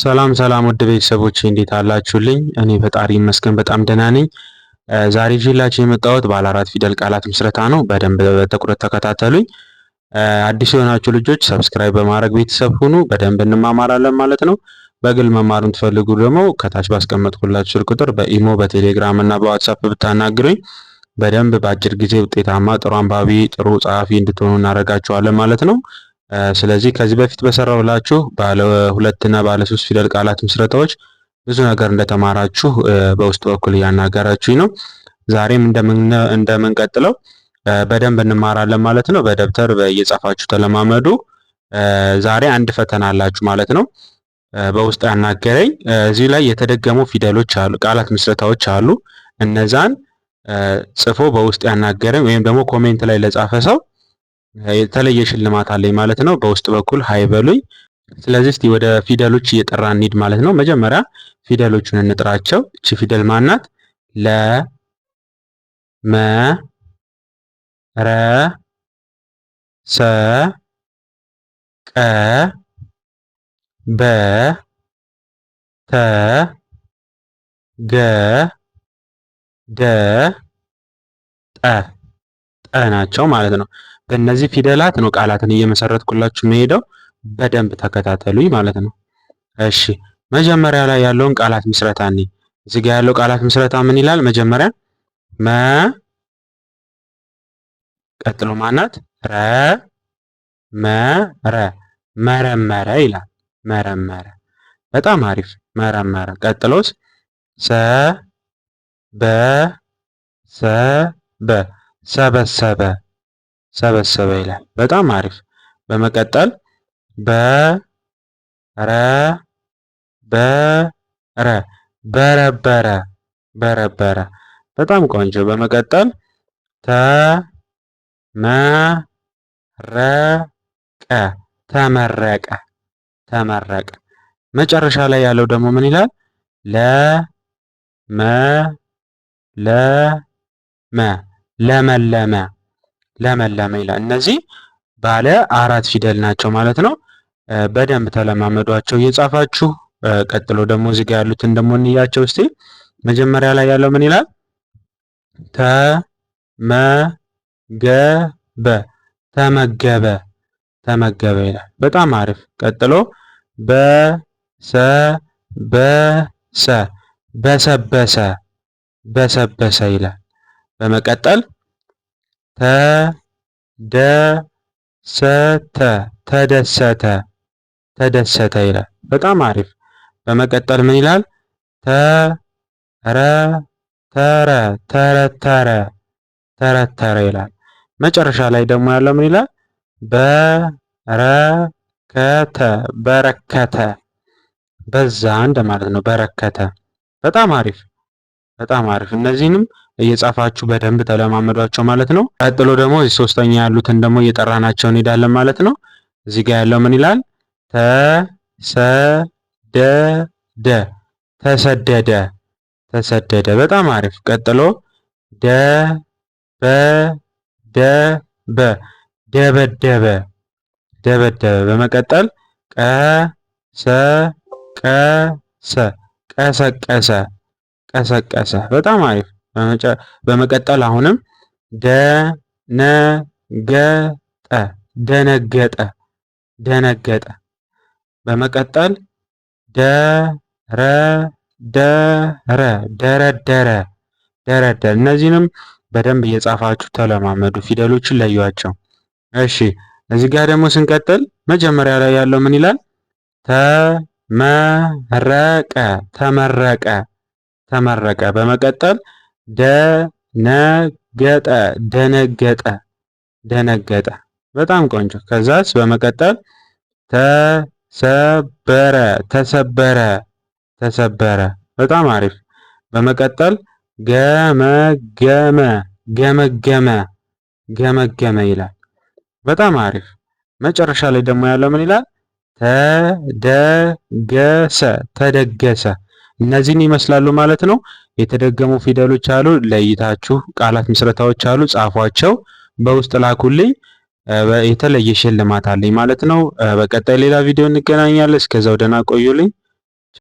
ሰላም ሰላም ወደ ቤተሰቦች እንዴት አላችሁልኝ? እኔ ፈጣሪ ይመስገን በጣም ደህና ነኝ። ዛሬ ጅላችሁ የመጣሁት ባለ አራት ፊደል ቃላት ምስረታ ነው። በደንብ በትኩረት ተከታተሉኝ። አዲስ የሆናችሁ ልጆች ሰብስክራይብ በማድረግ ቤተሰብ ሁኑ። በደንብ እንማማራለን ማለት ነው። በግል መማር የምትፈልጉ ደግሞ ከታች ባስቀመጥኩላችሁ ስልክ ቁጥር በኢሞ በቴሌግራም እና በዋትሳፕ ብታናግሩኝ በደንብ በአጭር ጊዜ ውጤታማ ጥሩ አንባቢ ጥሩ ጸሐፊ እንድትሆኑ እናደርጋችኋለን ማለት ነው። ስለዚህ ከዚህ በፊት በሰራሁላችሁ ባለ እና ባለ ሶስት ፊደል ቃላት ምስረታዎች ብዙ ነገር እንደተማራችሁ በውስጥ በኩል እያናገራችሁኝ ነው። ዛሬም እንደምንቀጥለው በደንብ እንማራለን ማለት ነው። በደብተር እየጻፋችሁ ተለማመዱ። ዛሬ አንድ ፈተና አላችሁ ማለት ነው። በውስጥ ያናገረኝ እዚህ ላይ የተደገሙ ፊደሎች አሉ፣ ቃላት ምስረታዎች አሉ። እነዛን ጽፎ በውስጥ ያናገረኝ ወይም ደግሞ ኮሜንት ላይ ለጻፈ ሰው የተለየ ሽልማት አለኝ ማለት ነው። በውስጥ በኩል ሀይ በሉኝ። ስለዚህ እስቲ ወደ ፊደሎች እየጠራ እንሂድ ማለት ነው። መጀመሪያ ፊደሎቹን እንጥራቸው። እቺ ፊደል ማናት? ለ መ ረ ሰ ቀ በ ተ ገ ደ ጠ ጠ ናቸው ማለት ነው። በእነዚህ ፊደላት ነው ቃላትን እየመሰረትኩላችሁ መሄደው። በደንብ ተከታተሉኝ ማለት ነው። እሺ መጀመሪያ ላይ ያለውን ቃላት ምስረታ እኔ እዚህ ጋር ያለው ቃላት ምስረታ ምን ይላል? መጀመሪያ መ፣ ቀጥሎ ማናት ረ፣ መረ፣ መረመረ ይላል። መረመረ በጣም አሪፍ መረመረ። ቀጥሎስ ሰ፣ በ፣ ሰ፣ በ፣ ሰበሰበ ሰበሰበ ይላል። በጣም አሪፍ። በመቀጠል በረበረ በረበረ በረበረ በጣም ቆንጆ። በመቀጠል ተመረቀ ተመረቀ ተመረቀ። መጨረሻ ላይ ያለው ደግሞ ምን ይላል? ለመለመ ለመለመ ለመለመ ይላል። እነዚህ ባለ አራት ፊደል ናቸው ማለት ነው። በደንብ ተለማመዷቸው እየጻፋችሁ። ቀጥሎ ደግሞ እዚህ ጋር ያሉትን ደግሞ እንያቸው እስቲ። መጀመሪያ ላይ ያለው ምን ይላል? ተመገበ ተመገበ ተመገበ ይላል። በጣም አሪፍ። ቀጥሎ በሰበሰ በሰበሰ በሰበሰ ይላል። በመቀጠል ተደሰተ ተደሰተ ተደሰተ ይላል። በጣም አሪፍ። በመቀጠል ምን ይላል? ተረተረ ተረተረ ተረተረ ይላል። መጨረሻ ላይ ደግሞ ያለው ምን ይላል? በረከተ በረከተ በዛ እንደማለት ነው። በረከተ በጣም አሪፍ በጣም አሪፍ እነዚህንም እየጻፋችሁ በደንብ ተለማመዷቸው ማለት ነው። ቀጥሎ ደግሞ እዚህ ሶስተኛ ያሉትን ደግሞ እየጠራናቸው እንሄዳለን ማለት ነው። እዚህ ጋር ያለው ምን ይላል? ተሰደደ ተሰደደ ተሰደደ። በጣም አሪፍ። ቀጥሎ ደበደበ ደበደበ ደበደበ። በመቀጠል ቀሰቀሰ ቀሰቀሰ ቀሰቀሰ። በጣም አሪፍ በመቀጠል አሁንም ደነገጠ ደነገጠ ደነገጠ። በመቀጠል ደረደረ ደረደረ ደረደረ። እነዚህንም በደንብ እየጻፋችሁ ተለማመዱ። ፊደሎችን ለዩዋቸው። እሺ እዚህ ጋር ደግሞ ስንቀጥል መጀመሪያ ላይ ያለው ምን ይላል? ተመረቀ ተመረቀ ተመረቀ። በመቀጠል ደነገጠ ደነገጠ ደነገጠ። በጣም ቆንጆ። ከዛስ በመቀጠል ተሰበረ ተሰበረ ተሰበረ። በጣም አሪፍ። በመቀጠል ገመገመ ገመገመ ገመገመ ይላል። በጣም አሪፍ። መጨረሻ ላይ ደግሞ ያለው ምን ይላል? ተደገሰ ተደገሰ እነዚህን ይመስላሉ ማለት ነው። የተደገሙ ፊደሎች አሉ፣ ለይታችሁ ቃላት ምስረታዎች አሉ፣ ጻፏቸው፣ በውስጥ ላኩልኝ። የተለየ ሽልማት አለኝ ማለት ነው። በቀጣይ ሌላ ቪዲዮ እንገናኛለን። እስከዛው ደህና ቆዩልኝ።